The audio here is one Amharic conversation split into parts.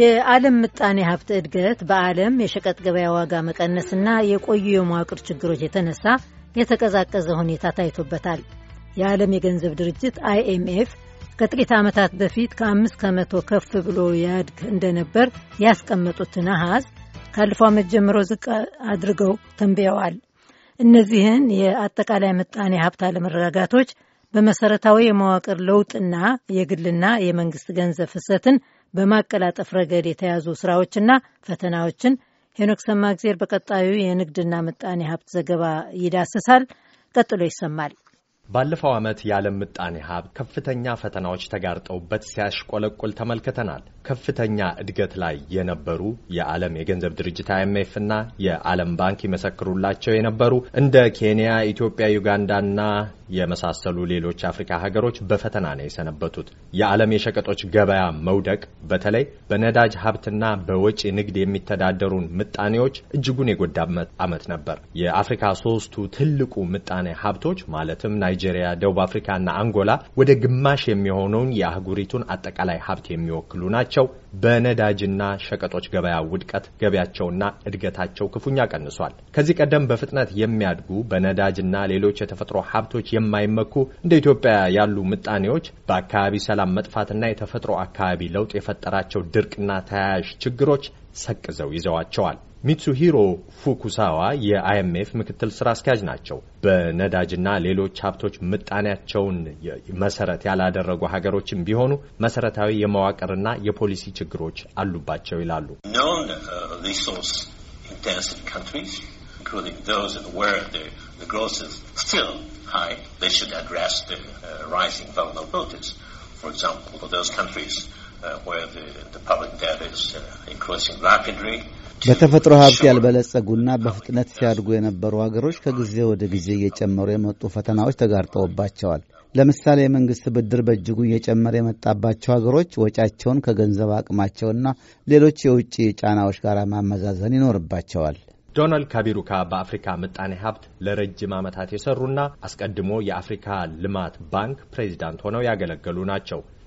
የዓለም ምጣኔ ሀብት እድገት በዓለም የሸቀጥ ገበያ ዋጋ መቀነስና የቆዩ የመዋቅር ችግሮች የተነሳ የተቀዛቀዘ ሁኔታ ታይቶበታል። የዓለም የገንዘብ ድርጅት አይኤምኤፍ ከጥቂት ዓመታት በፊት ከአምስት ከመቶ ከፍ ብሎ ያድግ እንደነበር ያስቀመጡት አሃዝ ካለፈው ዓመት ጀምሮ ዝቅ አድርገው ተንብየዋል። እነዚህን የአጠቃላይ ምጣኔ ሀብት አለመረጋጋቶች በመሰረታዊ የመዋቅር ለውጥና የግልና የመንግስት ገንዘብ ፍሰትን በማቀላጠፍ ረገድ የተያዙ ስራዎችና ፈተናዎችን ሄኖክ ሰማእግዜር በቀጣዩ የንግድና ምጣኔ ሀብት ዘገባ ይዳስሳል። ቀጥሎ ይሰማል። ባለፈው ዓመት የዓለም ምጣኔ ሀብት ከፍተኛ ፈተናዎች ተጋርጠውበት ሲያሽቆለቁል ተመልክተናል። ከፍተኛ እድገት ላይ የነበሩ የዓለም የገንዘብ ድርጅት አይኤምኤፍ እና የዓለም ባንክ ይመሰክሩላቸው የነበሩ እንደ ኬንያ፣ ኢትዮጵያ፣ ዩጋንዳና የመሳሰሉ ሌሎች አፍሪካ ሀገሮች በፈተና ነው የሰነበቱት። የዓለም የሸቀጦች ገበያ መውደቅ በተለይ በነዳጅ ሀብትና በወጪ ንግድ የሚተዳደሩን ምጣኔዎች እጅጉን የጎዳ ዓመት ነበር። የአፍሪካ ሶስቱ ትልቁ ምጣኔ ሀብቶች ማለትም ናይጄሪያ፣ ደቡብ አፍሪካና አንጎላ ወደ ግማሽ የሚሆነውን የአህጉሪቱን አጠቃላይ ሀብት የሚወክሉ ናቸው። በመሆናቸው በነዳጅና ሸቀጦች ገበያ ውድቀት ገበያቸውና እድገታቸው ክፉኛ ቀንሷል። ከዚህ ቀደም በፍጥነት የሚያድጉ በነዳጅና ሌሎች የተፈጥሮ ሀብቶች የማይመኩ እንደ ኢትዮጵያ ያሉ ምጣኔዎች በአካባቢ ሰላም መጥፋትና የተፈጥሮ አካባቢ ለውጥ የፈጠራቸው ድርቅና ተያያዥ ችግሮች ሰቅዘው ይዘዋቸዋል። ሚትሱሂሮ ፉኩሳዋ የአይኤምኤፍ ምክትል ስራ አስኪያጅ ናቸው። በነዳጅና ሌሎች ሀብቶች ምጣኔያቸውን መሰረት ያላደረጉ ሀገሮችም ቢሆኑ መሰረታዊ የመዋቅርና የፖሊሲ ችግሮች አሉባቸው ይላሉ። for በተፈጥሮ ሀብት ያልበለጸጉና በፍጥነት ሲያድጉ የነበሩ ሀገሮች ከጊዜ ወደ ጊዜ እየጨመሩ የመጡ ፈተናዎች ተጋርጠውባቸዋል። ለምሳሌ የመንግሥት ብድር በእጅጉ እየጨመረ የመጣባቸው ሀገሮች ወጫቸውን ከገንዘብ አቅማቸውና ሌሎች የውጭ ጫናዎች ጋር ማመዛዘን ይኖርባቸዋል። ዶናልድ ካቢሩካ በአፍሪካ ምጣኔ ሀብት ለረጅም ዓመታት የሰሩና አስቀድሞ የአፍሪካ ልማት ባንክ ፕሬዚዳንት ሆነው ያገለገሉ ናቸው።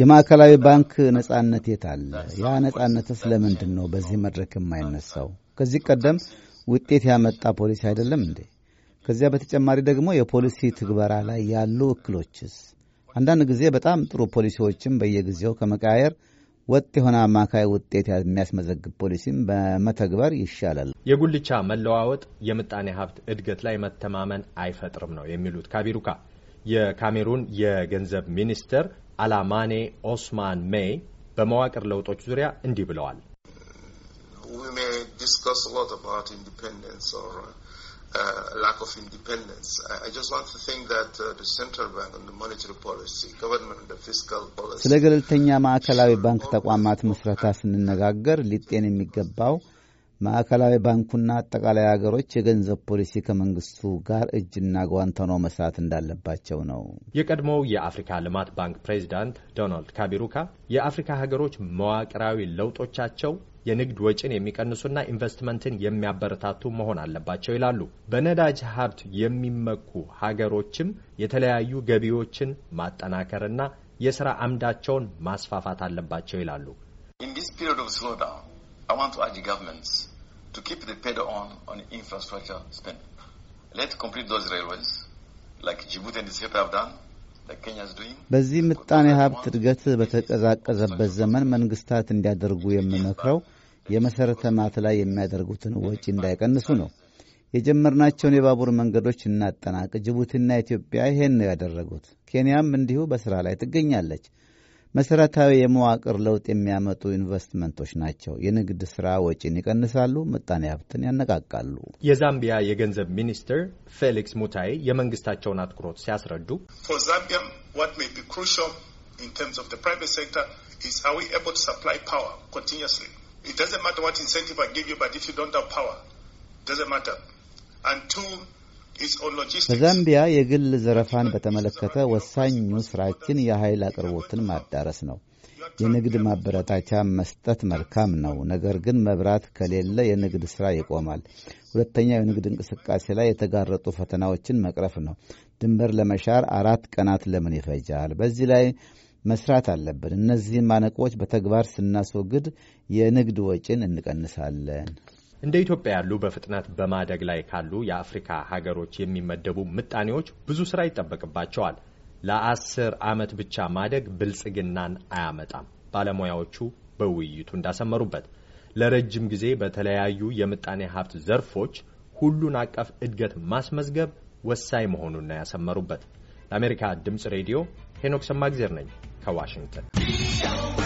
የማዕከላዊ ባንክ ነጻነት የት አለ? ያ ነጻነትስ ለምንድን ነው በዚህ መድረክ የማይነሳው? ከዚህ ቀደም ውጤት ያመጣ ፖሊሲ አይደለም እንዴ? ከዚያ በተጨማሪ ደግሞ የፖሊሲ ትግበራ ላይ ያሉ እክሎችስ? አንዳንድ ጊዜ በጣም ጥሩ ፖሊሲዎችን በየጊዜው ከመቃየር ወጥ የሆነ አማካይ ውጤት የሚያስመዘግብ ፖሊሲም በመተግበር ይሻላል። የጉልቻ መለዋወጥ የምጣኔ ሀብት እድገት ላይ መተማመን አይፈጥርም ነው የሚሉት ካቢሩካ የካሜሩን የገንዘብ ሚኒስትር አላማኔ ኦስማን ሜይ በመዋቅር ለውጦች ዙሪያ እንዲህ ብለዋል። uh, uh, ስለ ገለልተኛ ማዕከላዊ ባንክ ተቋማት ምስረታ ስንነጋገር ሊጤን የሚገባው ማዕከላዊ ባንኩና አጠቃላይ አገሮች የገንዘብ ፖሊሲ ከመንግስቱ ጋር እጅና ጓንት ሆነው መስራት እንዳለባቸው ነው። የቀድሞው የአፍሪካ ልማት ባንክ ፕሬዚዳንት ዶናልድ ካቢሩካ የአፍሪካ ሀገሮች መዋቅራዊ ለውጦቻቸው የንግድ ወጪን የሚቀንሱና ኢንቨስትመንትን የሚያበረታቱ መሆን አለባቸው ይላሉ። በነዳጅ ሀብት የሚመኩ ሀገሮችም የተለያዩ ገቢዎችን ማጠናከርና የስራ አምዳቸውን ማስፋፋት አለባቸው ይላሉ። In this period of slowdown, I want to urge governments to keep the pedal on on infrastructure spending. Let's complete those railways like Djibouti and Ethiopia have done. በዚህ ምጣኔ ሀብት እድገት በተቀዛቀዘበት ዘመን መንግስታት እንዲያደርጉ የምመክረው የመሠረተ ማት ላይ የሚያደርጉትን ወጪ እንዳይቀንሱ ነው። የጀመርናቸውን የባቡር መንገዶች እናጠናቅ። ጅቡቲና ኢትዮጵያ ይሄን ነው ያደረጉት። ኬንያም እንዲሁ በሥራ ላይ ትገኛለች። መሠረታዊ የመዋቅር ለውጥ የሚያመጡ ኢንቨስትመንቶች ናቸው። የንግድ ሥራ ወጪን ይቀንሳሉ፣ ምጣኔ ሀብትን ያነቃቃሉ። የዛምቢያ የገንዘብ ሚኒስትር ፌሊክስ ሙታይ የመንግስታቸውን አትኩሮት ሲያስረዱ ዛምቢያ በዛምቢያ የግል ዘረፋን በተመለከተ ወሳኙ ስራችን የኃይል አቅርቦትን ማዳረስ ነው። የንግድ ማበረታቻ መስጠት መልካም ነው። ነገር ግን መብራት ከሌለ የንግድ ሥራ ይቆማል። ሁለተኛው የንግድ እንቅስቃሴ ላይ የተጋረጡ ፈተናዎችን መቅረፍ ነው። ድንበር ለመሻር አራት ቀናት ለምን ይፈጃል? በዚህ ላይ መስራት አለብን። እነዚህን ማነቆች በተግባር ስናስወግድ የንግድ ወጪን እንቀንሳለን። እንደ ኢትዮጵያ ያሉ በፍጥነት በማደግ ላይ ካሉ የአፍሪካ ሀገሮች የሚመደቡ ምጣኔዎች ብዙ ስራ ይጠበቅባቸዋል። ለአስር ዓመት ብቻ ማደግ ብልጽግናን አያመጣም። ባለሙያዎቹ በውይይቱ እንዳሰመሩበት ለረጅም ጊዜ በተለያዩ የምጣኔ ሀብት ዘርፎች ሁሉን አቀፍ እድገት ማስመዝገብ ወሳኝ መሆኑን ያሰመሩበት። ለአሜሪካ ድምፅ ሬዲዮ ሄኖክ ሰማግዜር ነኝ ከዋሽንግተን